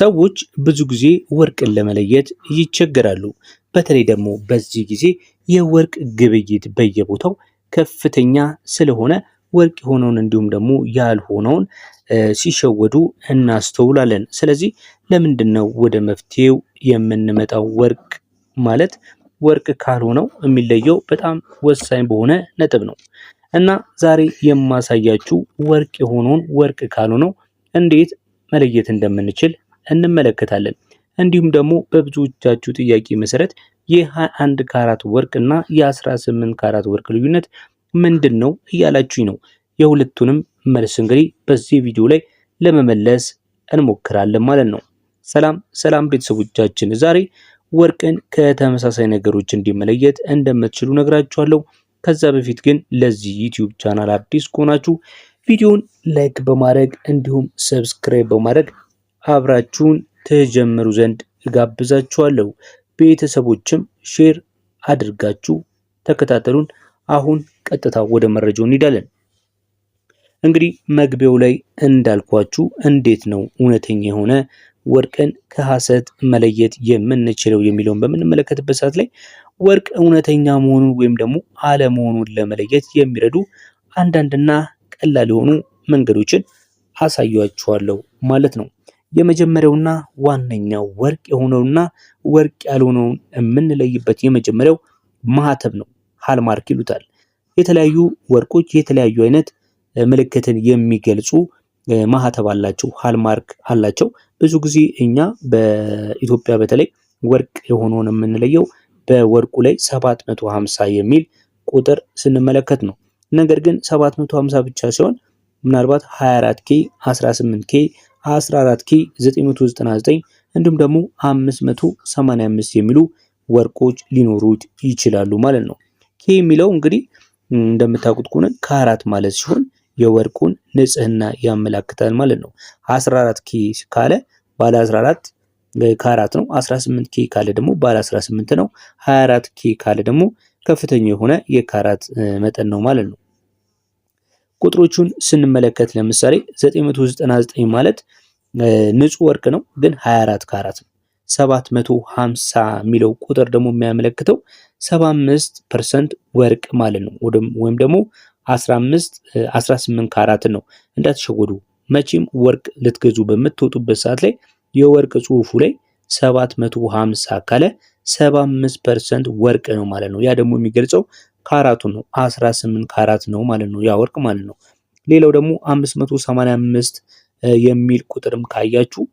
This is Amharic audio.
ሰዎች ብዙ ጊዜ ወርቅን ለመለየት ይቸገራሉ። በተለይ ደግሞ በዚህ ጊዜ የወርቅ ግብይት በየቦታው ከፍተኛ ስለሆነ ወርቅ የሆነውን እንዲሁም ደግሞ ያልሆነውን ሲሸወዱ እናስተውላለን። ስለዚህ ለምንድን ነው ወደ መፍትሄው የምንመጣው? ወርቅ ማለት ወርቅ ካልሆነው የሚለየው በጣም ወሳኝ በሆነ ነጥብ ነው እና ዛሬ የማሳያችሁ ወርቅ የሆነውን ወርቅ ካልሆነው እንዴት መለየት እንደምንችል እንመለከታለን። እንዲሁም ደግሞ በብዙዎቻችሁ ጥያቄ መሰረት የ21 ካራት ወርቅ እና የ18 ካራት ወርቅ ልዩነት ምንድን ነው እያላችሁኝ ነው። የሁለቱንም መልስ እንግዲህ በዚህ ቪዲዮ ላይ ለመመለስ እንሞክራለን ማለት ነው። ሰላም ሰላም ቤተሰቦቻችን፣ ዛሬ ወርቅን ከተመሳሳይ ነገሮች እንዲመለየት እንደምትችሉ ነግራችኋለሁ። ከዛ በፊት ግን ለዚህ ዩቲዩብ ቻናል አዲስ ከሆናችሁ ቪዲዮውን ላይክ በማድረግ እንዲሁም ሰብስክራይብ በማድረግ አብራችሁን ትጀምሩ ዘንድ እጋብዛችኋለሁ። ቤተሰቦችም ሼር አድርጋችሁ ተከታተሉን። አሁን ቀጥታ ወደ መረጃው እንሄዳለን። እንግዲህ መግቢያው ላይ እንዳልኳችሁ እንዴት ነው እውነተኛ የሆነ ወርቅን ከሐሰት መለየት የምንችለው የሚለውን በምንመለከትበት ሰዓት ላይ ወርቅ እውነተኛ መሆኑን ወይም ደግሞ አለመሆኑን ለመለየት የሚረዱ አንዳንድና ቀላል የሆኑ መንገዶችን አሳያችኋለሁ ማለት ነው። የመጀመሪያውና ዋነኛው ወርቅ የሆነውና ወርቅ ያልሆነውን የምንለይበት የመጀመሪያው ማህተብ ነው። ሀልማርክ ይሉታል። የተለያዩ ወርቆች የተለያዩ አይነት ምልክትን የሚገልጹ ማህተብ አላቸው፣ ሃልማርክ አላቸው። ብዙ ጊዜ እኛ በኢትዮጵያ በተለይ ወርቅ የሆነውን የምንለየው በወርቁ ላይ 750 የሚል ቁጥር ስንመለከት ነው። ነገር ግን 750 ብቻ ሲሆን ምናልባት 24 ኬ 18 ኬ 14 ኪ 999 እንዲሁም ደግሞ 585 የሚሉ ወርቆች ሊኖሩት ይችላሉ ማለት ነው። ኪ የሚለው እንግዲህ እንደምታውቁት ከሆነ ካራት ማለት ሲሆን የወርቁን ንጽህና ያመላክታል ማለት ነው። 14 ኪ ካለ ባለ 14 ካራት ነው። 18 ኬ ካለ ደግሞ ባለ 18 ነው። 24 ኬ ካለ ደግሞ ከፍተኛ የሆነ የካራት መጠን ነው ማለት ነው። ቁጥሮቹን ስንመለከት ለምሳሌ 999 ማለት ንጹህ ወርቅ ነው፣ ግን 24 ካራት ነው። 750 የሚለው ቁጥር ደግሞ የሚያመለክተው 75 ፐርሰንት ወርቅ ማለት ነው ወይም ደግሞ 15 18 ካራት ነው። እንዳትሸወዱ መቼም ወርቅ ልትገዙ በምትወጡበት ሰዓት ላይ የወርቅ ጽሑፉ ላይ 750 ካለ 75 ፐርሰንት ወርቅ ነው ማለት ነው። ያ ደግሞ የሚገልጸው ከአራቱ ነው 18 ካራት ነው ማለት ነው፣ ያ ወርቅ ማለት ነው። ሌላው ደግሞ 585 የሚል ቁጥርም ካያችሁ